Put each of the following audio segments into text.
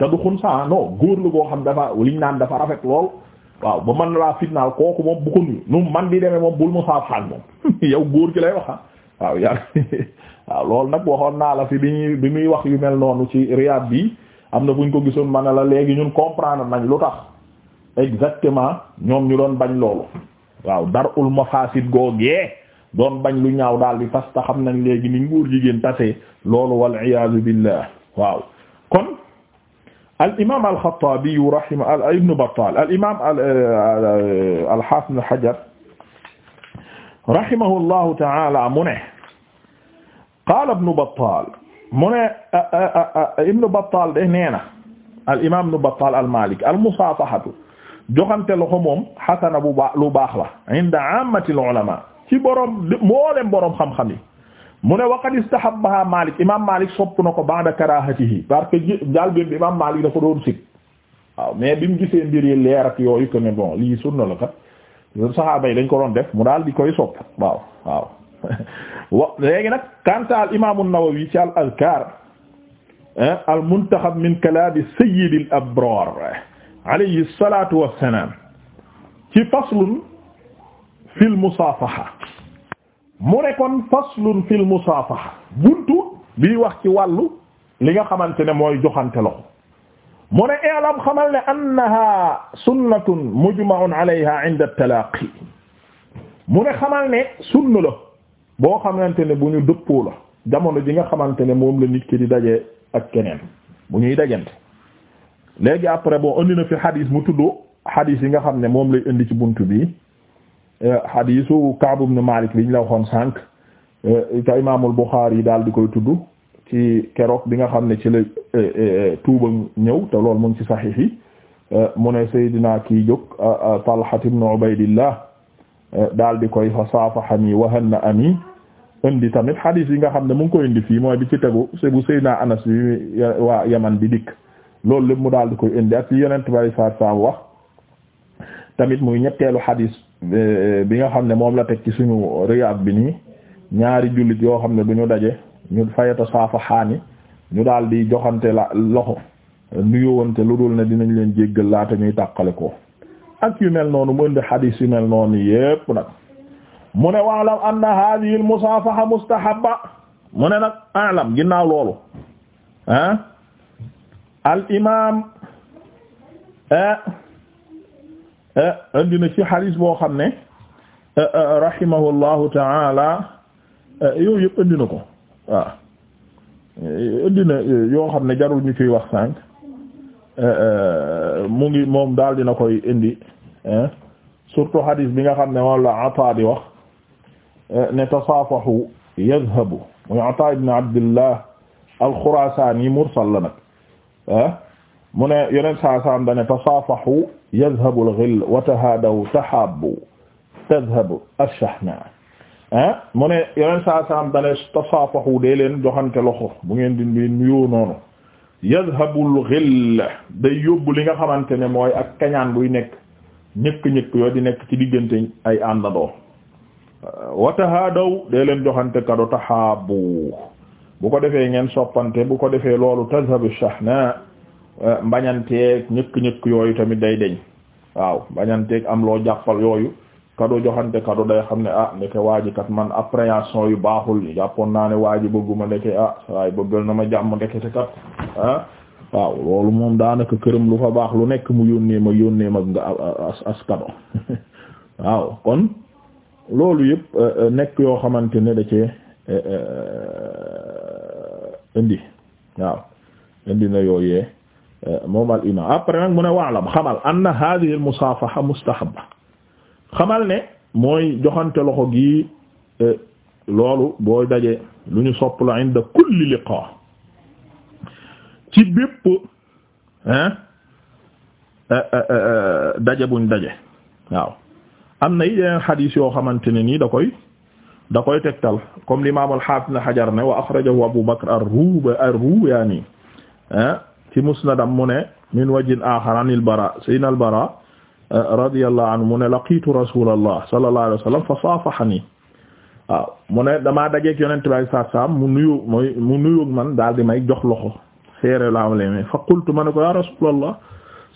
te du xun saa non góor la goo xam dafa liñ naan dafa rafet lool waaw ba mën laa fitnaal kooku moom bu ko nuyu nu man di demee moom bul mu saafaan moom yow góor gi lay wax ah. waaw yàlla waaw loolu nag waxoon naa la fi bi ñuy bi muy wax yu mel noonu ci Riyad bi am na ñu ko gisoon ma ne la léegi ñun comprendre nañ lu tax exactement ñoom ñu doon bañ loolu waaw dar ul mafasid googee doon bañ lu ñaaw daal bi parce que xam nañ léegi ni nguur jigéen tase loolu wal iyaazu billah waaw al imaam al-Xattaabi rahimahullah ibn Battaal al imaam al-Haafiz euh, ibn Hajar rahimahullahu ta'aala mu ne qaala ibn Battaal mu ne ibn Battaal de nee na al imaam ibn Battaal al-Maaliki al-musaafahatu joxante loxo moom xasana bu baax lu baax la inda aammatil ulamaa ci boroom mboolem boroom xam-xam yi mu ne waqad istahabbaha Malik imam Malik sopp na ko ba'da karahatihi parce que bi imam Malik dafa doon sit waaw mais bi mu gisee mbir leer yooyu que ne bon lii sunna la kat saxaaba yi dañ ko doon def mu daal di koy sopp waaw waaw wa léegi nag kanta al imam an ci al azkar al muntaxab min kalaami sayyidil abrar alayhi salatu wassalam ci faslun fil musafaha mu ne kon faslun fil musaafaha buntu bii wax ci wàllu li nga xamante ne mooy joxante loxo mu ne i'lam xamal ne annaha sunnatun mujma'un alayha 'inda at-talaaqi mu ne xamal ne sunna la boo xamante ne bu ñu dëppoo la jamono ji nga xamante ne moom la nit ki di daje ak keneen bu ñuy dajante léegi après boo indi na fi xadiis mu tudd xadiis yi nga xam ne moom lay indi ci bunt bi hadiisu Ka'b ibn Malik bi ñu la waxoon sànq eh, te imaamul Buxaari yi daal di koy tudd ci keroog bi nga xam ne ci la eh, eh, tuuba ñëw te lool mu ngi ci saxiix yi mu ne Seydina kii jóg Talha ibn Ubaydillah daal di koy fa saafahani wa hanna'ani indi tamit hadith yi nga xam ne mu ngi ko indi fii mooy bi ci tegu se bu Seydina Anas bi waa Yaman bi dikk loolu lépp mu daal di koy indi ak li Yonent bi sallallahu wax tamit muy ñetteelu hadith. Euh, bi nga xam ne moom la teg ci suñu Riyad bi nii ñaari jullit yoo xam ne du ñu daje ñu fayata saafa xaani ñu daal di joxante la loxo nuyowante lu dul ne dinañ leen jéggal laata ñuy tàqale ko ak yu mel noonu mu indi xadiis yu mel noonu yépp nag mu ne waalam anna hadhihi al musaafaha mu ne nag alam ginnaaw loolu ah al imam ah indi na ci xadis boo xam ne euh, euh, rahimahullahu taala euh, yooyu yëpp indi na ko waaw indi na yoo xam ne jarul ñu ciy wax sànq mu ngi moom daal dina koy indi surtout xadis bi nga xam ne moom la Ataa di wax ne tasaafahu yadhabu muy Ataa ibn Abdillah al-Khurasani mursal la nag mu ne yeneen saa saam dane tasaafahu yadhabu al-ghill wa tahaadaw tahaabu tadhabu ash-shahna ah mu ne yeneen saa dane tasaafahu dee leen joxante loxo bu ngeen di nuyoo noonu yadhabu al day yóbbu li nga xamante ne mooy ak kañaan buy nekk ñëkk-ñëkk yooyu di nekk ci diggante ay àndandoo wa dee leen joxante kado tahaabu bu ko defee ngeen sopante bu ko defee loolu tadhabu ash Euh, mbañanteeg ñëkk-ñëkk yooyu tamit day deñ waaw mbañanteeg am loo jàppal yooyu kado joxante kado day xam ne ah ndeke waaji kat man appréhension yu baaxul jàppoon naa ne waaji bëgguma ndeke ah waaye bëggal na ma jàmm ndeke te kat ah waaw loolu moom daanaka këram lu fa baax lu nekk mu yónnee ma yónnee ma nga as as waaw kon loolu yëpp euh, euh, nekk yoo xamante ne da cee indi waaw indi na yooyee moom al imam après nag mu ne waalam xamal anna hadhihi al musaafaha mustahabba xamal ne mooy joxante loxo gi e, loolu boo daje lu ñu sopp la inda ci bépp hein e, e, daje buñ daje waaw am na yeneen xadiis yoo xamante ne nii da koy da koy tegtal comme l'imam al-Hafiz Ibn Hajar ne wa akhrajahu Abu Bakr ar-Rubayani ci musnadam mu ne min wajhin akhar an al bara sayyidina al bara eh, radiyallahu anhu mu ne laqitu rasulallah sallallahu alayhi wa sallam fa saafahani waaw mu ne damaa dajeek yonent bi saa saa mu nuyu mooy mu nuyu man daal di may jox loxo seere laa ma fa qultu ma ne ko ya rasulallah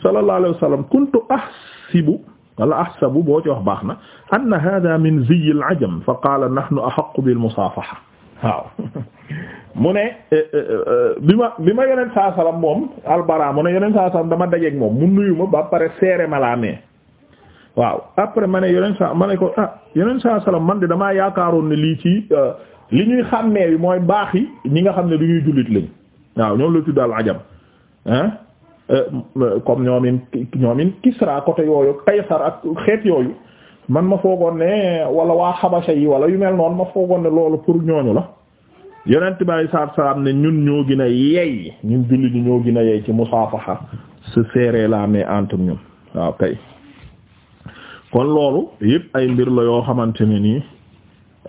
sallallahu alayhi wa sallam kuntu ahsibu wala ahsabu boo ci wax baax na anna hadha min ziyil ajam fa qala nahnu ahaqqu bil musafaha waaw mu ne eh, eh, eh, bi ma bi ma yeneen saa salaam moom albara mu ne yeneen saa salaam dama dajeeg moom mu nuyu ma ba pare seere ma laa mee waaw après ma ne yeneen saa ma ne ko ah yeneen saa salaam man de damaa yaakaaroon ne lii ci li ñuy xàmmee bi mooy baax yi ñi nga xam ne du ñuy jullit lañ waaw ñoom la tudd al ajam hein comme ñoomin ñoomin Kisra côté yooyu Kaysar ak xeet yooyu man ma foogoon ne wala waa xabasa yi wala yu mel noonu ma foogoon ne loolu pour ñooñu la yonent bi alayhi salaatu salaam ne ñun ñoo gën yey ñun julli ñi ñoo gën a ci musaafaxa se serrer la main entre ñun waaw kay kon loolu yëpp ay mbir la yoo xamante ne nii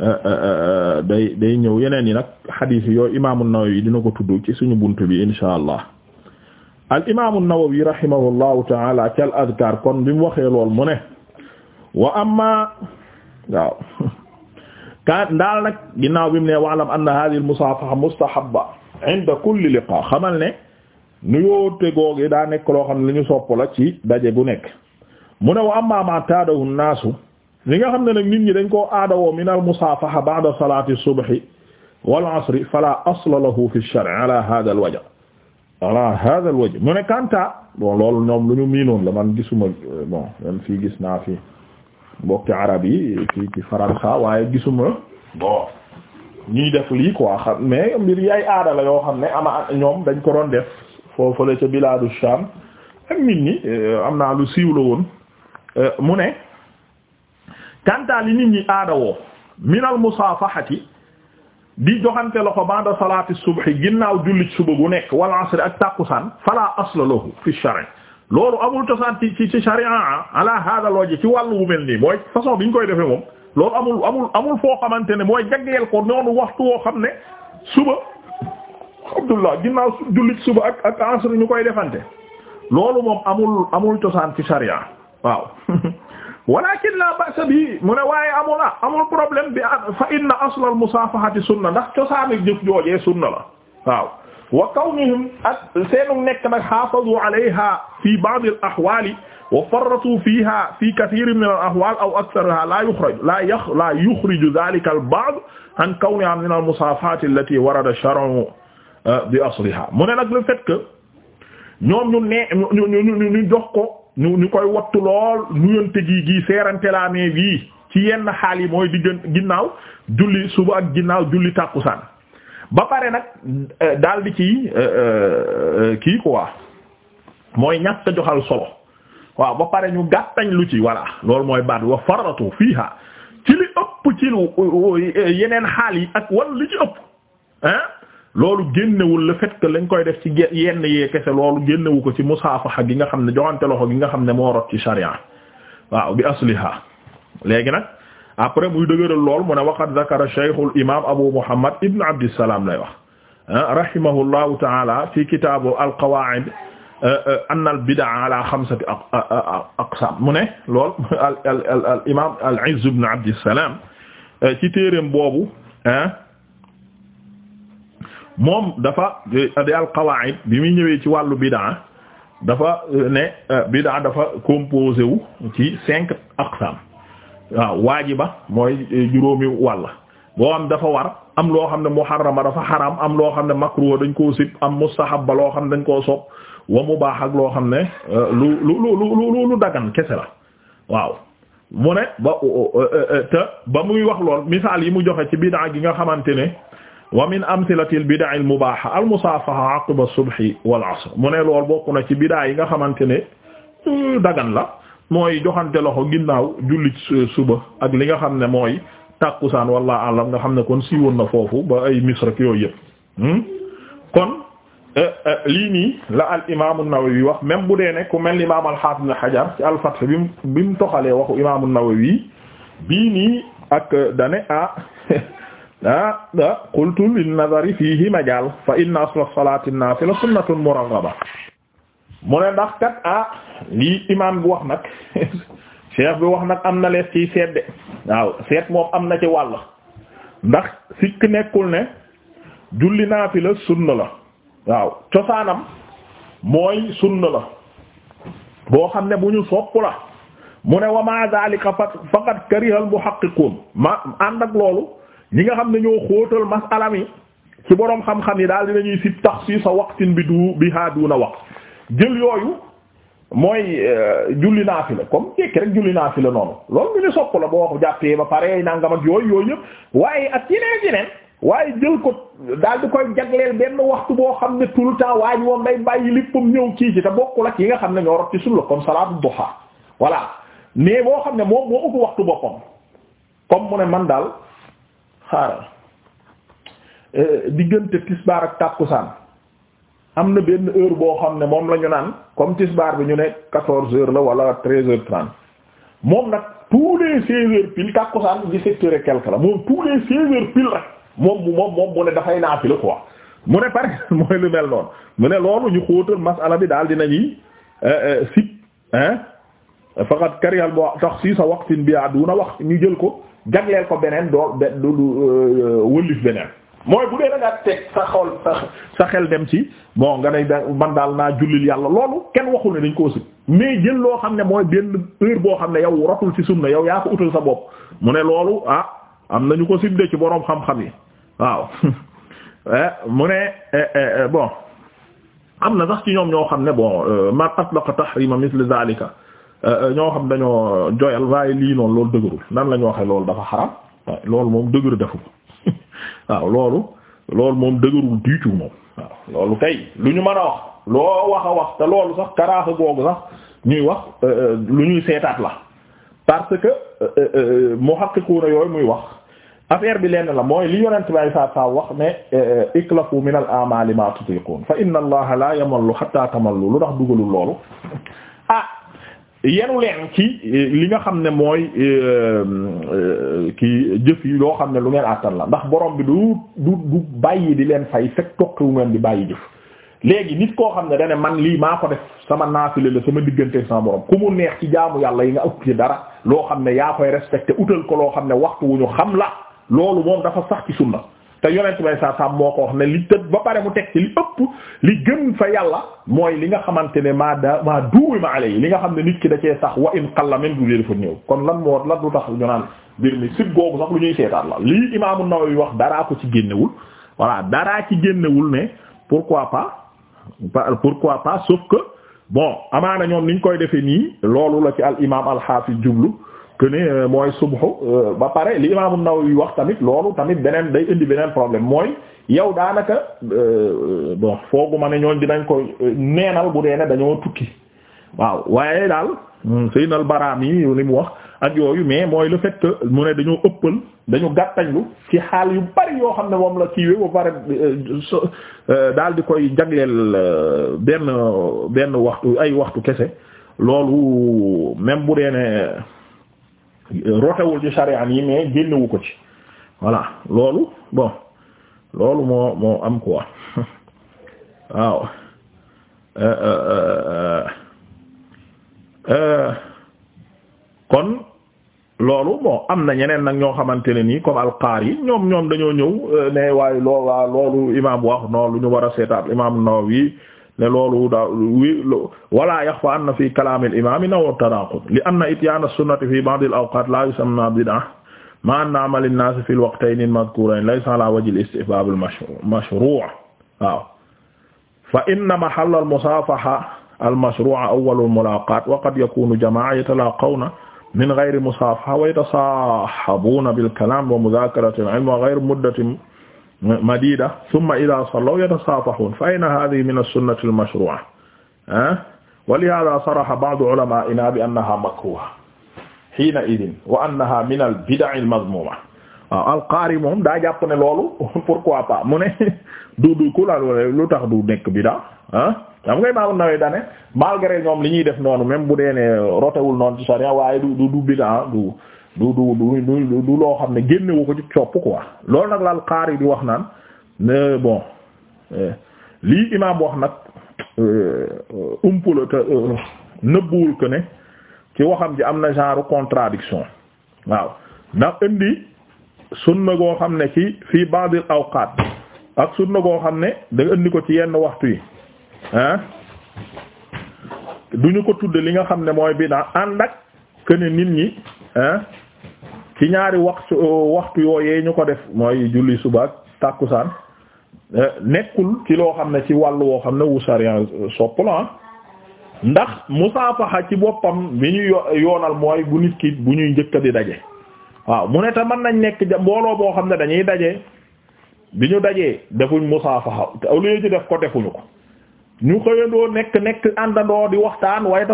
euh, euh, euh, day day ñëw yeneen yi nag xadiis yooyu imaamu yi dina ko tudd ci suñu bunt bi insha allah al imaamu Nawawi rahimahullahu taala ci al azkaar kon bi mu waxee lool mu ne wa amma waaw ka daal nag ginnaaw bi mu ne wa'lam anna hadhihi al-musafaha mustahabba inda kulli liqa xamal ne nuyoote googu daa nekk loo xam ne lu ñu sopp la ci daje bu nekk mu ne wa amma ma taadahu naasu li nga xam ne nag nit ñi dañ koo aadawoo min al-musafaha ba'da salati subhi wal asri fala asla lahu fi ash-shar'i ala hadha al-wajh ala hadha al-wajh mu ne kanta bon loolu ñoom lu ñu miinoon la man gisuma bon man fii gis naa fii mbokki arab yi ci ci faransa waaye gisuma bon ñuy def lii quoi xam mais mbir yaay aada la yoo xam ne ama ñoom dañ ko doon def foofu la ca biladu Sham ak nit ñi eh, am naa lu siiw la woon eh, mu ne kantaa li nit ñi aada woo minal musaafahati di joxante loxo ba'da salaati subhi ginnaaw jullit suba gu nekk wal asri ak tàkkusaan fala asla lahu fi shar'i loolu amul cosaan ci ci ci sharia ala hada looji ci wàllu mu mel nii mooy façon bi ñu koy defee moom loolu amul amul amul foo xamante ne mooy jagleel ko noonu waxtu woo xam ne suba abdullah ginnaaw jullit suba ak ak asr ñu koy defante loolu moom amul amul cosaan ci sharia waaw walakin la ba'sa bi mu ne waaye amul amul problème bi fa inna asla al musaafahati sunna ndax cosaan jëf joojee sunna la waaw wa kawnihim ak seenu nekk nag xaafadu alayha fi ba'd al ahwali wa farratu fiha fi kathir min al ahwal aw akthariha la yukhraj la yakh la yukhriju dhalika al ba'd an kawniha min al musafat allati warada shar'u uh, bi asliha mu ne nag le fait que ñoom ñu ne ñu ñu ñu jox ko ñu ñu koy wattu lool nuyante gi gi seerante laa ne bii ci yenn xaal yi mooy diggan ginnaaw julli suba ak ginnaaw julli tàkkusaan ba pare nag euh, daal di ci euh, euh, kii quoi mooy ñàkk a joxal solo waaw ba pare ñu gàttañ lu ci voilà loolu mooy baat wa farratu fiiha ci li ëpp ci lu yeneen xaal yi ak wala li ci ëpp ah loolu génnewul le fait lañ koy def ci yenn yee kese loolu génnewu ko ci musaafaxa gi nga xam ne joxante loxo gi nga xam ne moo rot ci sharia waaw bi asliha léegi nag après muy dëgëral lool mu ne waqad zakara shaykhul abu muhammad ibn abdissalaam lay wax ah, rahimahullahu taala fi kitaabu alqawaid eh, eh, anna albidaa ala xamsati aqsam mu ne lool al imam al izz ibn abdissalaam eh, ci téereem boobu moom dafa di alqawaid bi muy ñëwee ci wàllu bidaa dafa ne bidaa dafa composé ci cinq aqsam waaw waajiba mooy eh, juróomi wàll boo am dafa war am loo xam ne muharrama dafa xaram am loo xam ne makruh dañ koo sib am mustahab ba loo xam ne dañ koo sopp wa mubah ak loo xam ne eh, lu lu lu lu dagan kese la waaw mu ne ba eh, te muy wax lool misaal yi mu joxe ci bid'a gi nga xamante ne wa min amthilati al bid'a al mubaha al musafaha aqiba as-subh wal 'asr mu ne lool bokk na ci bid'a yi nga xamante ne dagan la mooy joxante loxo ginnaaw julli suba ak li nga xam ne mooy tàkkusaan walla alam nga xam ne kon siiwoon na foofu ba ay misra ak yooyu hmm? kon eh, eh, lii nii la al imaamu Nawawi wax même bu dee ne ku mel imaam al-Haafiz Ibn Hajar ci al-Fath bi mu bi mu toxalee waxu imaamu Nawawi bii nii ak eh, dane ah ah ah qultu lin-nazari fiihi majaal fa inna asla as-salaati an-naafila muraghaba mu ne ndax kat ah lii imaam bi wax nag cheikh bi wax nag am na lees ciy seet de waaw seet moom am na ci wàll ndax sikk nekkul ne julli naafila sunna la waaw cosaanam mooy sunna la boo xam ne bu ñu sopp la mu ne wa ma zalika fa faqad kariha al muhaqqiqun ma ànd ak loolu ñi nga xam ne ñoo xóotal masala mi ci boroom xam-xam yi daal dinañuy sib taxsiisa waqtin bi du biha duna wax jël yooyu mooy euh, julli naafila comme jékki rek julli naafila noonu loolu lu ñu sopp la boo jàppee ba pare nangam ak yooyu yooyu yëpp waaye ak yeneen yeneen waaye jël ko daal di koy jagleel benn waxtu boo xam ne tout le temps waaye moom day bàyyi lippam ñëw kii ci te bokkul ak yi nga xam ne ñoo rot ci suñu la comme salaatu duha voilà mais boo xam ne moom moo ëpp waxtu boppam comme mu ne man daal xaaral euh, diggante tisbaar ak tàkkusaan am na benn heure boo xam ne moom la ñu naan comme tisbaar bi ñu ne quatorze heures la wala treize heures trente moom nag tous les seize heures pile tàkkusaan dix-sept heures moom tous les seize heures pile rek moom bu moom moom mu ne dafay naafi la quoi mu ne par exemple mooy lu mel noonu mu ne loolu ñu xóotal masala bi daal dinañuy euh, euh, sit hein faqat karihal bo wax waqtin bi du aduna wax ñu jël ko jagleel ko beneen doo du euh, wëllif beneen mooy bu dee da nga teg sa xol sa xel dem ci bon nga ne man daal naa jullil yàlla loolu kenn waxul ne dañ koo sib mais jël loo xam ne mooy benn heure boo xam ne yow rotul ci sunna yow yaa ko utal sa bopp mu ne loolu ah am na ñu ko sib de ci boroom xam-xam yi waaw eh, mu ne eh, eh, bon am na sax ci ñoom ñoo xam ne bon euh, ma atlaqa tahrima misle zalika euh, euh, ñoo xam dañoo joyal waaye lii noonu loolu dëgërul nan la ñu waxee loolu dafa xaram loolu moom dëgër defu waaw loolu loolu moom dëgërul diitu moom waaw loolu kay lu ñu mën a wax loo wax a wax te loolu sax karaaxa googu sax ñuy wax euh, euh, lu ñuy seetaat la parce que euh, muhaqqiquna yooyu muy wax affaire bi lenn la mooy li yonent bay saa saa wax ne iklafu min al amali ma tutiqun fa inna allaha la yamallu hatta tamallu lu tax dugalul loolu ah yenu leen ci eh, li nga xam ne mooy eh, eh, ki jëf yi loo xam ne lu ngeen àttan la ndax borom bi du du du bàyyi di leen fay fekk wu ngeen di bàyyi jëf léegi nit koo xam ne dana man lii maa ko def sama naafile la sama diggante sama borom ku mu neex ci jaamu yàlla yi nga ut ci dara loo xam ne yaa koy respecté utal ko loo xam ne waxtu wu ñu xam la loolu moom dafa sax ci sunna te yonent bay saa saam moo ko wax ne li tëb ba pare mu teg ci li ëpp li gën fa yàlla mooy li nga xamante ne maa da maa duuwi ma ale yi li nga xam ne nit ki da cee sax wa in qalla même du leen fa néew kon lan moo lan du tax ñu naan mbir mi sit googu sax lu ñuy seetaan la lii imaamu Nawawi wax daraa ko ci génnewul voilà dara ci génnewul ne pourquoi pas pourquoi pas sauf que bon amaana ñoom niñ koy defee nii loolu la ci al imaam al jubl que ne euh, mooy subhu euh, ba pare li imaamu Nawawi wax tamit loolu tamit beneen day indi beneen problème mooy yow daanaka euh, bon fooguma ne ñooñ dinañ ko neenal bu dee ne dañoo tukki waaw waaye daal hmm, sëy nal baraam yi li wax ak yooyu mais mooy le fait mu ne dañoo ëppal dañu gàttañlu ci xaal yu bari yoo xam ne moom la kiiwe ba pare daal di koy jagleel benn benn waxtu ay waxtu kese loolu même bu dee rotewul ci sharian yi mais génnewu ko ci voilà loolu bon loolu moo moo am quoi waaw euh, euh, euh, kon loolu bon am na ñeneen nag ñoo xamante ne nii comme alqaari yi ñoom ñoom dañoo ñëw ne waaye loo waa loolu imaam wax noonu lu ñu war a seetaat imaam Nawawi ne loolu daa wala yaxfa anna fi kalaam al imaam naw tanaaqud li anna ityaan as-sunnati fi ba'd al awqaat laa yusammaa bid'a ma'a anna amal an-naas fi al-waqtayn al-madhkuurayn laysa ala wajhi al-istihbaab al-mashruuc waaw fa inna mahall al-musaafaha al-mashruuc awwal al-mulaaqaat wa qad yakuunu jamaa'a yatalaaqawna min ghayri musaafaha wa yatasaahabuuna bil kalaam wa mudaakaratil ilm wa ghayri muddatin madida thumma idha sallaw yatasafahun fa ayna hadhihi min as-sunnati al-mashru'a wa lihadha saraha ba'du ulama'ina bi annaha makruha hina idin wa annaha min al-bid'i al-madhmuma waaw al-Qari moom daa jàpp ne loolu pourquoi pas mu ne du du ku la lu tax du nekk bida ah xam ngay maamu nawee dane malgré ñoom li ñuy def noonu même bu dee ne rotewul noonu ci charia waaye du du bida du du du du du loo xam ne génnewu ko ci copp quoi loolu nag laal xaar yi di wax naan ne bon eh, lii imaam wax nag eh, umpala te eh, nëbbuwul que ci waxam ji am na genre contradiction waaw ndax indi na goo xam ne ci fii ba'dil awqaat ak sunna goo xam ne da indi ko ci yenn waxtu yi ah duñu ko tudd li nga xam ne mooy bida ànd ak que nit ñi ah ci ñaari waxtu waxtu yooyee ñu ko def mooy julli suba ak tàkkusaan eh, nekkul ci loo xam ne ci wàll woo xam ne wu sarian eh, sopp ndax ah. ndax musaafaxa ci boppam bi ñu yoonal mooy bu nit ki bu ñuy njëkk di daje waaw mu ne te mën nañ nekk mbooloo boo xam ne dañuy daje bi ñu dajee defuñ musaafaxa te au lieu ñu def ko defuñu ko ñu xëyandoo nekk nekk àndandoo di waxtaan waaye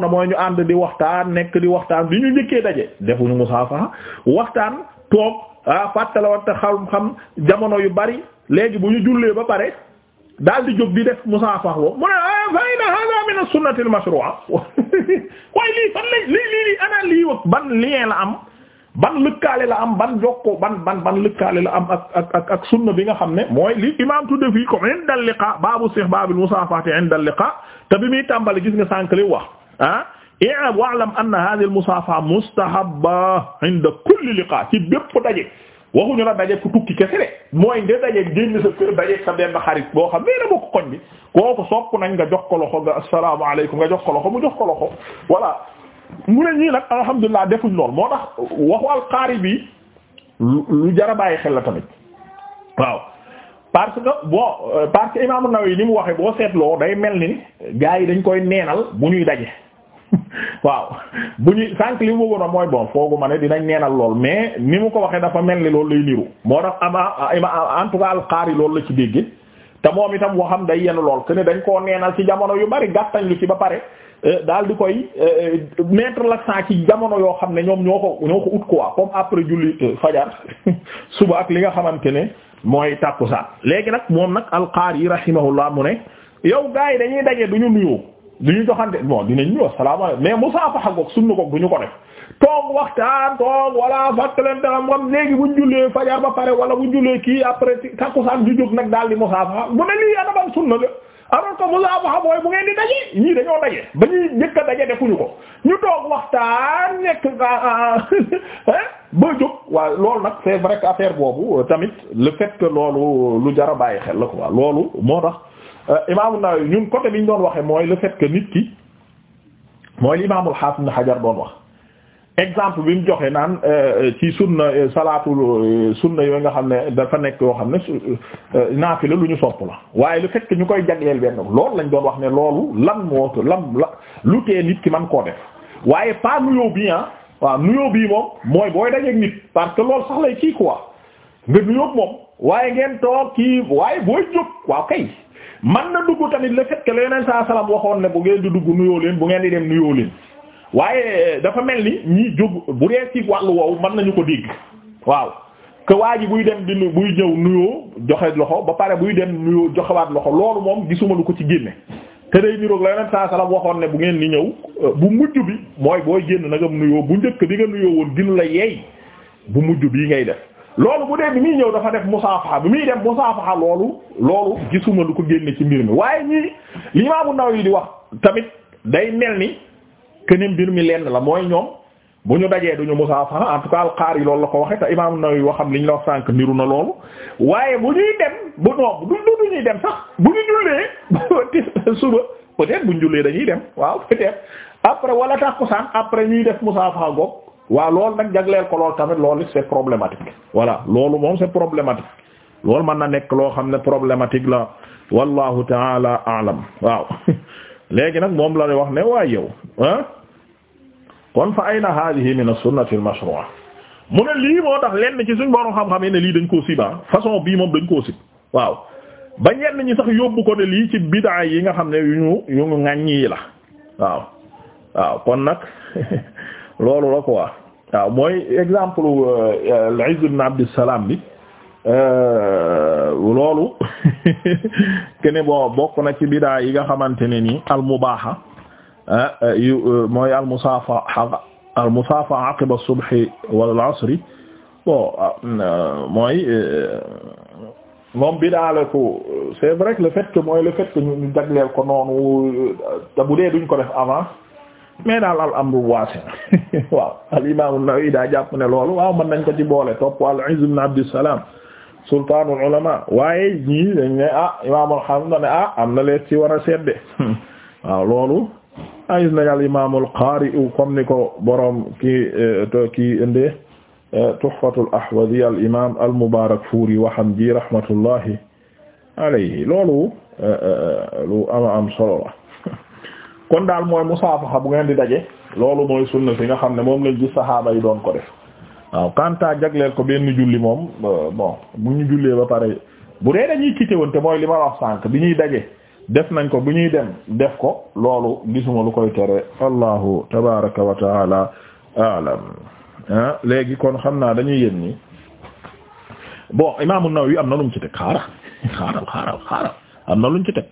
na mooy ñu ànd di waxtaan nekk di waxtaan bi ñu njëkkee daje defuñu musaafaha waxtaan toog ah fàttalawante xam-xam jamono yu bari léegi bu ñu jullee ba pare daal di jóg di def musaafaha boobu mu ne ah fa min as-sunnati al-mashru'a lii fan lii lii lii ana lii ban lien la am. ban lëkkaale la am ban jokkoo ban ban ban lëkkaale la am ak ak ak ak sunna bi nga xam ne mooy li imaam tudde fii comme inda liqa baabu istihbaabil musaafahati inda liqa te bi muy tàmbali gis nga sànq li wax ah i'rab wa'lam anna haadhihi al-musaafaha mustahabba inda kulli liqa ci bépp daje waxuñu la daje ku tukki kese mooy nga daje génn sa kër daje sa benn xarit boo xam nee na bokk koñ bi kooku sopp nañ nga jox ko loxo nga assalaamu alaykum nga jox ko loxo mu jox ko loxo voilà mu ne ñii nag alhamdulilah defuñ lool moo tax waxu alqaari bi lu jar a bàyyi xel la tamit waaw parce que bon euh, parce que imaamu Nawawi ni mu waxee boo seetloo day mel ni gaa yi dañ koy neenal bu ñuy daje waaw bu ñuy sànq li mu bëggoon mooy bon foogu ma ne dinañ neenal lool mais ni mu ko waxee dafa mel ni loolu lay niru moo tax ama en tout cas alqaari loolu la ci dégg te moom itam waxam day yenu lool que ne dañ koo neenal ci jamono yu bari gàttañ lu ci ba pare Euh, daal di koy euh, mettre l'accent ci jamono yoo xam ne ñoom ñoo ko ñoo ko ut quoi comme après julli euh, fajar suba ak li nga xamante ne mooy tàkkusaan léegi nag moom nag al-Qari rahimahullah mu ne yow gars yi dañuy daje du ñu nuyoo du ñu joxante moo dinañ nuyoo salaamaaleykum mais musaafaha goog sunna goog du ñu ko def toog waxtaan toog wala fàttaleen dalam xam léegi buñ jullee fajar ba pare wala buñ jullee kii après tàkkusaan ñu jóg nag daal di musaafaha mu ne lii adaban sunna alors que musaa bu xam mooy bu ngeen di daje ñii dañoo daje ba ñuy njëkk a daje defuñu ko ñu toog waxtaan nekk ba jóg waaw loolu nag c'est vrai que affaire boobu tamit le fait loolu lu jar a bàyyi xel la quoi loolu moo tax euh, Imaamu Nawawi ñun côté bi ñu doon waxee mooy le fait que nit ki mooy li Imaamul Haafis Ibn Hajar doon wax. exemple bi mu joxe naan euh, ci sunna euh, salaatul euh, sunna yooyu nga xam ne dafa nekk yoo xam ne la lu ñu sopp la waaye lu fekk ñu koy jagleel benn lool lañ doon wax ne loolu lan moo lan la lu tee nit ki man koo def waaye pas nuyoo bi ah waaw nuyoo bii moom mooy booy dajeek nit parce que loolu sax lay kii quoi nga nuyoo moom waaye ngeen toog kii waaye booy jóg waaw kay man na dugg tamit le fait que le saa salaam waxoon ne bu ngeen di dugg nuyoo leen bu ngeen di dem nuyoo waaye dafa mel ni ñii jóg bu dee ci wàllu woowu mën nañu ko dégg waaw que waa ji buy dem di buy ñëw nuyoo joxe loxo ba pare buy dem nuyoo joxewaat loxo loolu moom gisuma lu ko ci génne. te day niroog la yeneen saa waxoon ne bu ngeen ni ñëw euh, bu mujj bi mooy booy génn nagam nuyoo bu njëkk bi nga nuyoo woon ginu la yeey bu mujj bii ngay def. loolu bu dee bi muy ñëw dafa def musaafaha bi muy dem musaafaha loolu loolu gisuma lu ko génne ci mbir mi waaye ñii li Imaamu Nawawi di wax tamit day mel ni. keneen mbir mi lenn la mooy ñoom bu ñu dajee duñu musaafara en tout cas alxaar yi loolu la ko waxe te imaamu Nawawi waxam li ñu la wax sànq niru na loolu waaye bu ñuy dem bu noob du du ñuy dem sax bu ñu jullee suba peut-être bu ñu jullee dañuy dem waaw peut après wala tax ko saan après ñuy def musaafara goog waaw loolu nag jagleel ko loolu tamit loolu c'est problématique voilà loolu moom c'est problématique loolu mën na nekk loo xam ne problématique la wallahu taala alam léegi nag moom la wax ne waay yow ah kon fa ayna hadihi min as-sunnati al-mashru'a mu ne lii moo tax lenn ci suñ borom xam-xam yi ne lii dañ koo sib ah, façon bii moom dañ koo sib waaw ba ñenn ñi sax yóbbu ko ne lii ci bid'a yi nga xam ne yu ñu yu ñu ŋàññ yi la waaw waaw kon nag loolu la quoi waaw mooy exemple euh, euh, al-Izz ibn Abd as-Salam bi Euh, loolu ne bon bokk na ci bidaa yi nga xamante ne nii al mubaaha ah, eh, yu eh, mooy al musaafa al musaafa aqiba subhi wal asri bon ah, mm, eh, mooy moom bidaa la ko c'est vrai que le fait mooy le fait que jagleel ko noonu te bu dee duñ ko def avant mais daal al amru waasi waaw al imaamu Nawawi daa jàpp ne loolu waaw mën nañ ko ci boole topp al Izz ibn Abdissalaam sultaanul ulama waaye ñii dañ ne ah imaamul xaafis ne a ah, am na lees ci war a sedde loolu ay nagal imaamul qaari comme ni ko borom ki eh, to ki inde eh, tuhfatul ahwadi al imam al mubarakfuri wa hamdi rahmatullahi alayhi loolu eh, lu ama am solo la kon daal mooy musaafaxa bu ngeen di daje loolu mooy sunna fi nga xam ne moom lañ gis saxaaba yi doon ko def waaw kanta jagleel ko benn julli moom euh, bon bu ñu jullee ba pare bu dee dañuy quitté woon te mooy li ma wax sànq bi ñuy daje def nañ ko bu ñuy dem def ko loolu gisuma lu koy tere allahu tabaraka wa taala alam ah, léegi kon xam naa dañuy yén ni bon imaamu Nawawi am na lu mu ci teg xaaral xaaral xaaral xaaral am na lu mu ci teg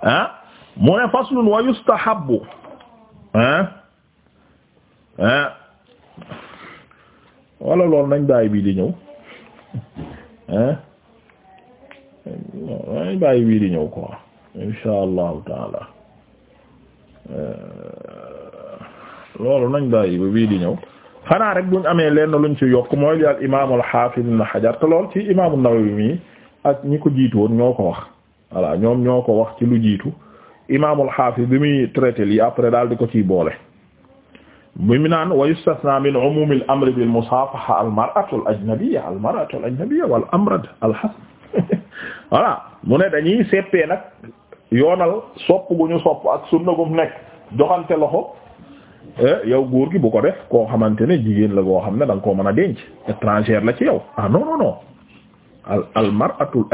ah mu ne faslun wa yustahabbu ah ah wala lool nañ bàyyi bii di ñëw hein nañ bàyyi bii di ñëw ko insha allahu taala euh, loolu nañ bàyyi ba bii di ñëw xanaa rek buñ amee lenn luñ ci yokk mooy li al imaam al xaafis ibn xajar lool ci imaamu Nawawi mi ak ñi ko jiitu woon ñoo ko wax voilà ñoom ñoo ko wax ci lu jiitu imaamul xaafis bi muy traité lii après daal di ko ciy boole bi mi naan wa yustasna min umum al amri bil musafaha al mar'atu al ajnabiyya al mar'atu al ajnabiyya wal amrad al hasan mu ne dañuy seppee nag yoonal sopp gu ñu sopp ak sunna gu mu nekk joxante loxo eh, yow góor bu ko def koo xamante ne jigéen la boo xam ne da nga koo mën a denc étrangère la ci yow ah non non non al al mar'atu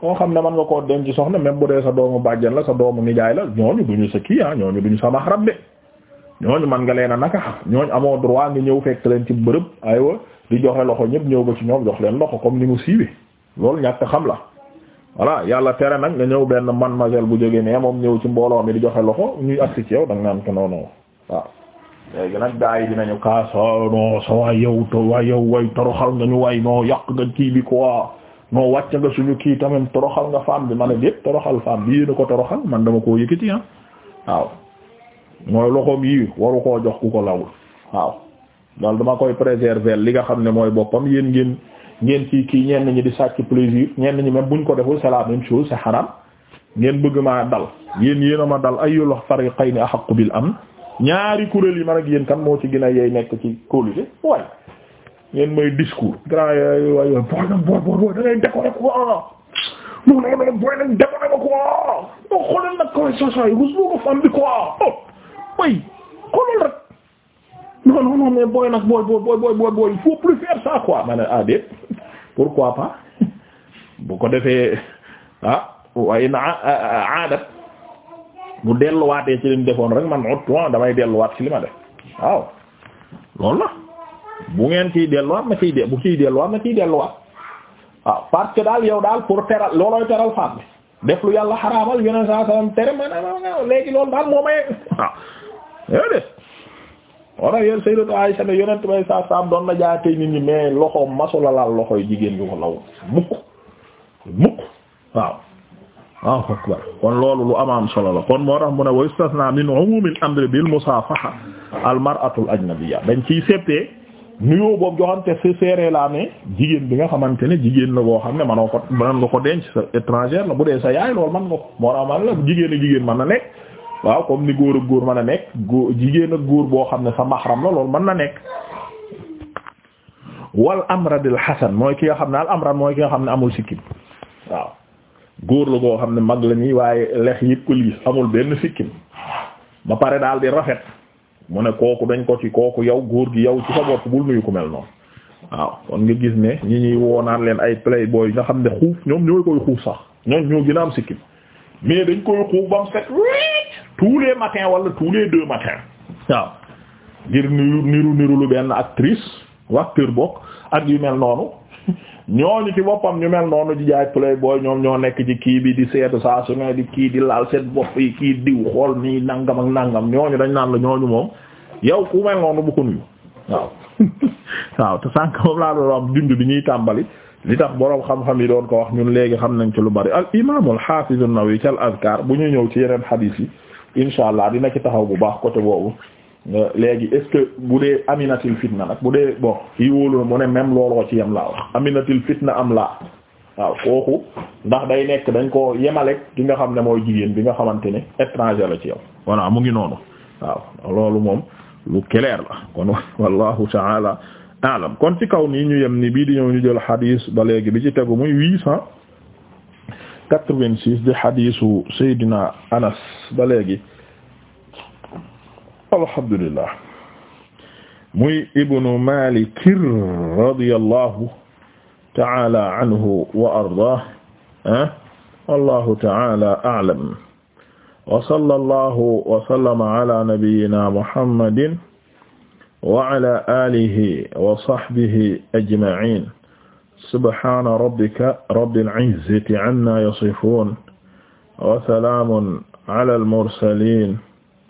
koo xam ne man nga koo denc soxna même bu dee sa doomu bàjjen la sa doomu nijaay la ñooñu duñu sa kii ah ñooñu duñu sa mahram de ñooñu man nga leen a naka ñooñu amoo droit nga ñëw fekk leen ci bërëb aywa di joxe loxo ñëpp ñëw ba ci ñoom jox leen loxo comme ni mu siiwee loolu ñàkk xam la voilà yàlla tere nag nga ñëw benn man majel bu jógee ne moom ñëw ci mbooloo mi di joxe loxo ñuy agsi ci yow da nga naan ko noonu waaw léegi nag gaa yi dinañu kaasa ah, yow to waay yow way toroxal nga ñu waay non yàq nga kii bi quoi non wàcc nga suñu kii tamit toroxal nga femme bi man a déet toroxal femme bi yéen a ko toroxal man dama koo yëkkati ah waaw mooy loxoom yi waru koo jox ku ko lawul waaw loolu dama koy préserver li nga xam ne mooy boppam yéen ngeen ngeen ci kii ñenn ñi di sàcc plaisir ñenn ñi même buñ ko deful c'est la même chose c'est ngeen bëgg maa dal yéen yéen a ma dal ay far ayyul fariqayni ahaqqu bil am ñaari kuréel yi man ak yéen kan moo ci gën a yey nekk ci kóolute waaye ngeen may discours. grand yooyu waaye booy na booy booy booy da ngay décorer quoi non non non booy nañ décorer ko quoi non xoolal nag kaw saa saa yi mos nga ko fan bi quoi oh oui xoolal rek non non non mais booy nag booy booy booy booy booy il faut plus faire ça quoi. ma ne ah déet pourquoi pas bu ko defee ah waaye na aadat ah, ah, ah, bu delluwaatee ci li mu defoon rek man ot damay delluwaat ci li ma def waaw loolu la. bu ngeen ciy delluwaat ma ciy de bu ciy delluwaat ma ciy delluwaat waaw parce que daal yow daal pour teral loolooy teral faat bi def lu yàlla xaraamal yeneen saa salaam tere maanaam léegi loolu daal moo may waaw na jaatee nit ñi mais loxoom masula laal loxoy jigéen ko law loolu lu ama am solo la kon moo tax bil musafaha al mar'atu dañ ciy seetee nuyoo boobu joxante si seeree laa ne jigéen bi nga xamante ne jigéen la boo xam ne manoo ko man nga ko denc sa étrangère la bu dee sa yaay loolu man nga ko moo man la jigéen ak jigéen man na nekk waaw comme ni góor ak góor mën a nekk góor jigéen ak góor boo xam ne sa maxaram la lool man na nekk wal amradil hasan mooy ki nga xam ne al amrad mooy ki nga xam ne amul sikkim waaw góor la boo xam ne mag la nii waaye lex yëpp ko liis amul benn sikkim ba pare daal di rafet mu ne kooku dañ ko ci kooku yow góor gi yow ci sa bopp bul nuyu ku mel noonu waaw kon nga gis ne ñi ñuy woonaan leen ay playboy nga xam ne xuuf ñoom ñoo koy xuuf sax ñoom ñoo gën a am sikkim mais dañ koy xuuf ba mu set tous les matins wala tous les deux matins waaw ngir niru niru lu benn actrice ou acteur bokk ak yu mel noonu ñooñu ci boppam ñu mel noonu di jaay playboy ñoom ñoo nekk ci kii bi di seetu saa su ne di kii di laal seen bopp yi kii diw xool nii nangam ak nangam ñooñu dañ naan la ñooñu moom yow ku mel noonu bu ko nuyu waaw waaw te sànq moom laa doon am dund bi ñuy tàmbali li tax boroom xam-xam yi doon ko wax ñun léegi xam nañ ci lu bari al imaam al xaafiz yi nawawi ci bu ñu ñëw ci yeneen xadiis yi insha allah dina ci taxaw bu baax côté boobu léegi est-ce que bu dee aminatil fitna nag bu dee bon kii wóolu na mu ne même looloo ci yem laa wax aminatil fitna am laa waaw kooku ndax day nekk dañ ko yemalek ki nga xam ne mooy jigéen bi nga xamante ni étranger la ci yow voilà mu ngi noonu waaw loolu moom lu clair la kon wallahu ta'ala a'lam kon ci kaw nii ñu yem ni bii di ñëw ñu jël xadiis ba léegi bi ci tegu muy huit cent quatre-vingt-six di xadiisu Seydina Anas ba léegi alhamdulillah muy ibnu Malik radiyallahu ta'ala anhu wa ardaahu ah, wallahu ta'ala a'lam wa sallallahu wa sallama ala nabiyyina muhammadin wa ala alihi wa sahbihi ajma'in subhana rabbika rabbil izzati amma yasifun wa salamun ala al-mursalin